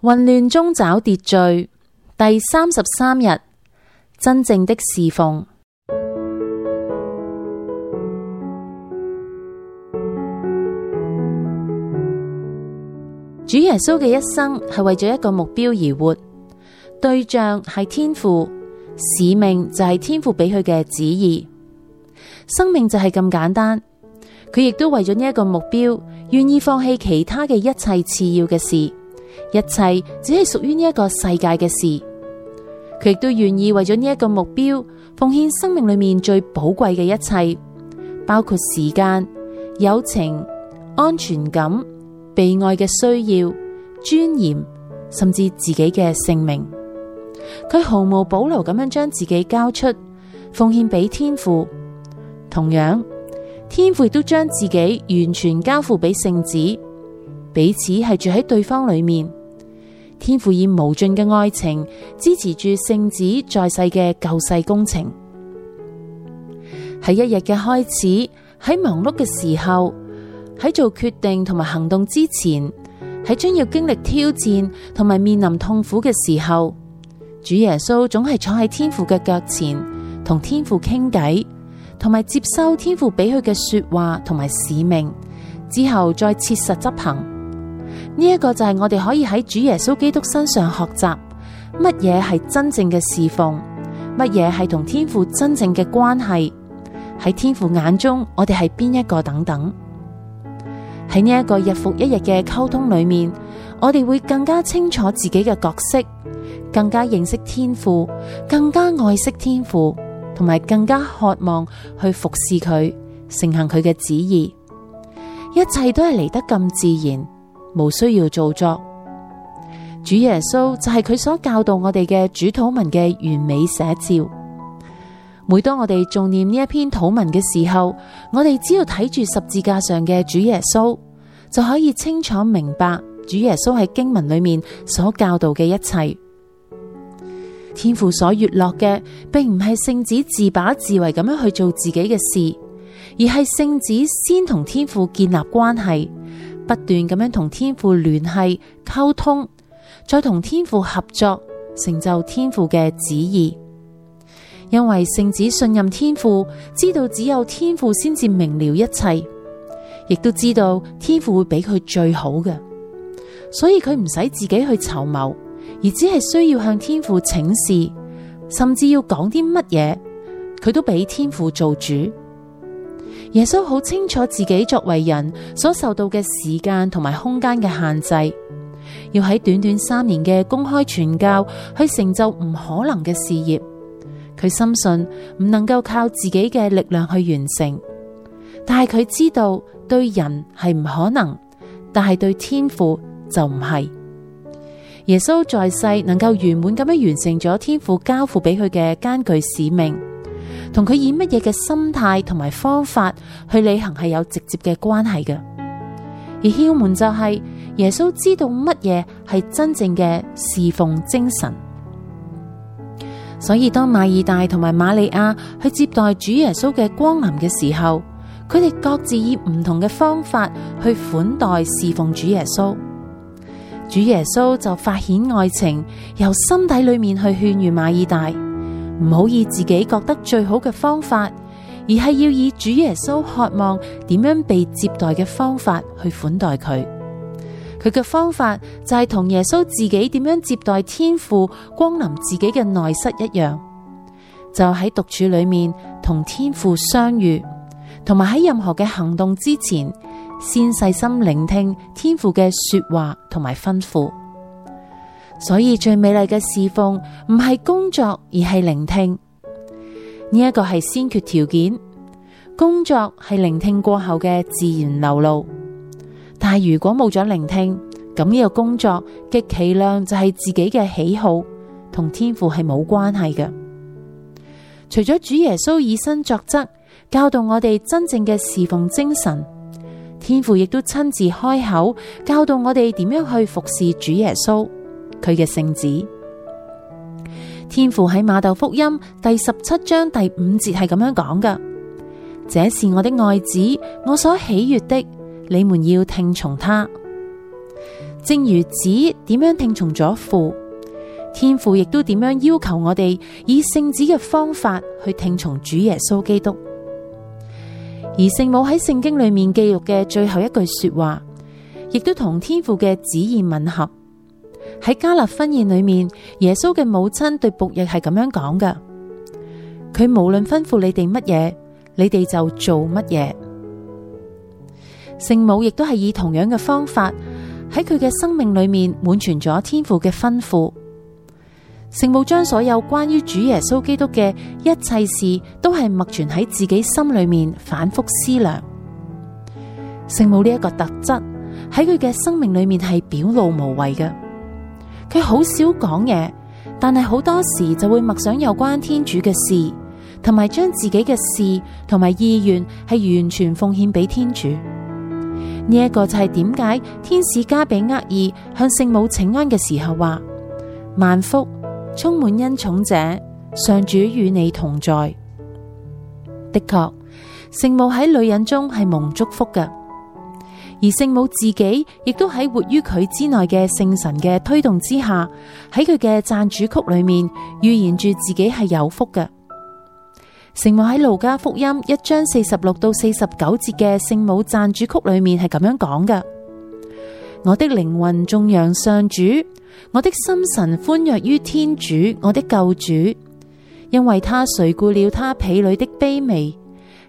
混亂中找秩序。第三十三日，真正的事奉。主耶穌嘅一生係為咗一個目標而活，對象係天父，使命就係天父俾佢嘅旨意，生命就係咁簡單。佢亦都為咗呢一個目標，願意放棄其他嘅一切次要嘅事。一切只係屬於呢一個世界嘅事，佢亦都願意為咗呢一個目標奉獻生命裏面最寶貴嘅一切，包括時間、友情、安全感、被愛嘅需要、尊嚴，甚至自己嘅性命。佢毫無保留咁樣將自己交出，奉獻俾天父。同樣，天父亦都將自己完全交付俾聖子，彼此係住喺對方裏面。天父以無盡嘅愛情支持住聖子在世嘅救世工程，喺一日嘅開始，喺忙碌嘅時候，喺做決定同埋行動之前，喺將要經歷挑戰同埋面臨痛苦嘅時候，主耶穌總係坐喺天父嘅腳前，同天父傾偈，同埋接收天父俾佢嘅說話同埋使命之後，再切實執行。呢一個就係我哋可以喺主耶穌基督身上學習乜嘢係真正嘅侍奉，乜嘢係同天父真正嘅關係，喺天父眼中我哋係邊一個等等。喺呢一個日復一日嘅溝通裏面，我哋會更加清楚自己嘅角色，更加認識天父，更加愛惜天父，同埋更加渴望去服侍佢，承行佢嘅旨意。一切都係嚟得咁自然。無需要做作，主耶穌就係佢所教導我哋嘅主禱文嘅完美寫照。每當我哋誦念呢一篇禱文嘅時候，我哋只要睇住十字架上嘅主耶穌，就可以清楚明白主耶穌喺經文裏面所教導嘅一切。天父所悅樂嘅，並唔係聖子自把自為咁樣去做自己嘅事，而係聖子先同天父建立關係。不斷咁樣同天父聯繫、溝通，再同天父合作，成就天父嘅旨意。因為聖子信任天父，知道只有天父先至明了一切，亦都知道天父會俾佢最好嘅，所以佢唔使自己去籌謀，而只係需要向天父請示，甚至要講啲乜嘢，佢都俾天父做主。耶穌好清楚自己作為人所受到嘅時間同埋空間嘅限制，要喺短短三年嘅公開傳教去成就唔可能嘅事業。佢深信唔能夠靠自己嘅力量去完成，但係佢知道對人係唔可能，但係對天父就唔係。耶穌在世能夠圓滿咁樣完成咗天父交付俾佢嘅艱巨使命。同佢以乜嘢嘅心態同埋方法去履行係有直接嘅關係嘅，而竅門就係耶穌知道乜嘢係真正嘅事奉精神，所以當馬爾大同埋瑪利亞去接待主耶穌嘅光臨嘅時候，佢哋各自以唔同嘅方法去款待事奉主耶穌，主耶穌就發顯愛情，由心底裏面去勸喻馬爾大。唔好以自己覺得最好嘅方法，而係要以主耶穌渴望點樣被接待嘅方法去款待佢。佢嘅方法就係同耶穌自己點樣接待天父光臨自己嘅內室一樣，就喺獨處裏面同天父相遇，同埋喺任何嘅行動之前，先細心聆聽天父嘅說話同埋吩咐。所以最美麗嘅侍奉唔係工作，而係聆聽呢一、這個係先決條件。工作係聆聽過後嘅自然流露，但係如果冇咗聆聽，咁、這、呢個工作極其量就係自己嘅喜好，同天父係冇關係嘅。除咗主耶穌以身作則，教導我哋真正嘅侍奉精神，天父亦都親自開口教導我哋點樣去服侍主耶穌。佢嘅聖子。天父喺馬竇福音第十七章第五節係咁樣講噶：這是我的愛子，我所喜悅的，你們要聽從他。正如子點樣聽從咗父，天父亦都點樣要求我哋以聖子嘅方法去聽從主耶穌基督。而聖母喺聖經裏面記錄嘅最後一句說話，亦都同天父嘅旨意吻合。喺加納婚宴裏面，耶穌嘅母親對僕役係咁樣講嘅：佢無論吩咐你哋乜嘢，你哋就做乜嘢。聖母亦都係以同樣嘅方法喺佢嘅生命裏面滿全咗天父嘅吩咐。聖母將所有關於主耶穌基督嘅一切事，都係默存喺自己心裏面，反覆思量。聖母呢一個特質喺佢嘅生命裏面係表露無遺嘅。佢好少講嘢，但係好多時就會默想有關天主嘅事，同埋將自己嘅事同埋意願係完全奉獻俾天主。呢、這、一個就係點解天使加俾額爾向聖母請安嘅時候話：萬福，充滿恩寵者，上主與你同在。的確，聖母喺女人中係蒙祝福嘅。而聖母自己亦都喺活於佢之內嘅聖神嘅推動之下，喺佢嘅讚主曲裏面預言住自己係有福嘅。聖母喺《路加福音》一章四十六到四十九節嘅聖母讚主曲裏面係咁樣講嘅：「我的靈魂頌揚上主，我的心神歡躍於天主，我的救主，因為他垂顧了他婢女的卑微，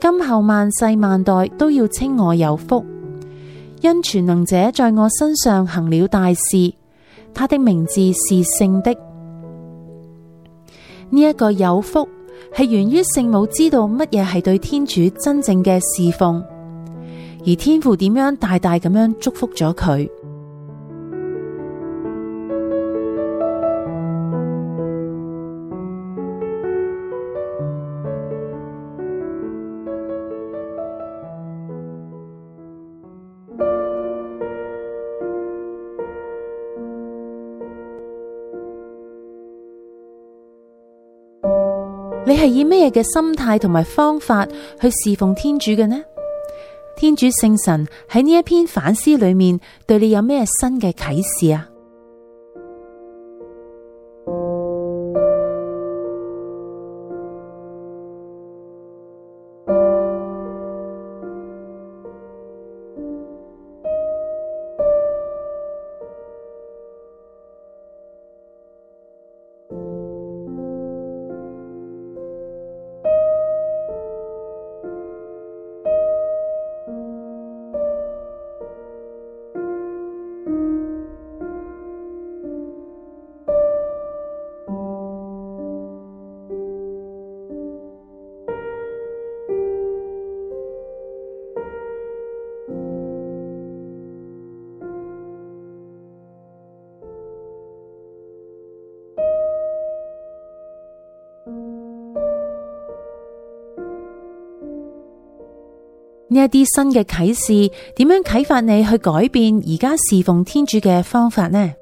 今後萬世萬代都要稱我有福。因全能者在我身上行了大事，他的名字是聖的。呢一個有福，係源於聖母知道乜嘢係對天主真正嘅事奉，而天父點樣大大咁樣祝福咗佢。你係以咩嘅心態同埋方法去侍奉天主嘅呢？天主聖神喺呢一篇反思裏面對你有咩新嘅啟示啊？呢一啲新嘅啟示，點樣啟發你去改變而家侍奉天主嘅方法呢？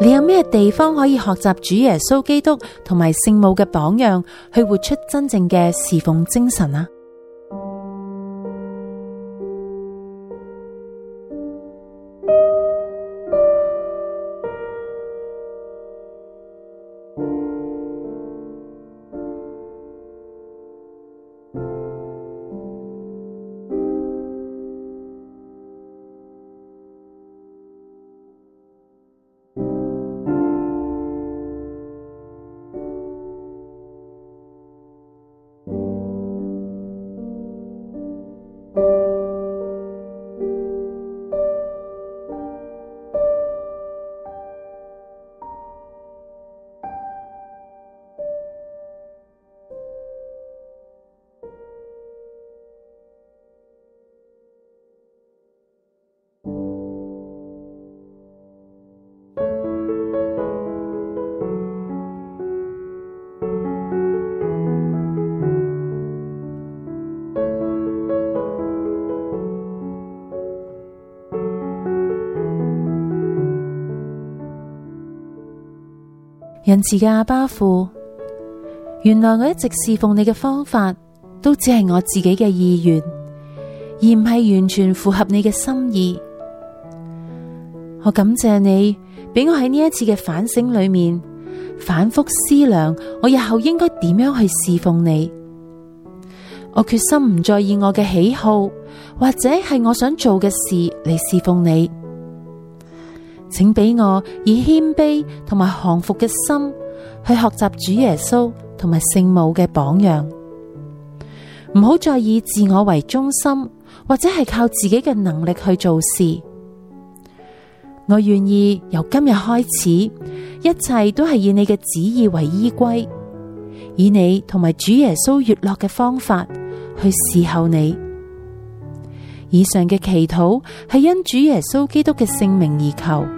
你有咩地方可以學習主耶穌基督同埋聖母嘅榜樣，去活出真正嘅事奉精神啊？仁慈嘅阿爸父，原來我一直侍奉你嘅方法，都只係我自己嘅意願，而唔係完全符合你嘅心意。我感謝你，俾我喺呢一次嘅反省裏面，反復思量我日後應該點樣去侍奉你。我決心唔再以我嘅喜好，或者係我想做嘅事嚟侍奉你。請俾我以謙卑同埋降服嘅心去學習主耶穌同埋聖母嘅榜樣，唔好再以自我為中心，或者係靠自己嘅能力去做事。我願意由今日開始，一切都係以你嘅旨意為依歸，以你同埋主耶穌悅樂嘅方法去侍候你。以上嘅祈禱係因主耶穌基督嘅聖名而求。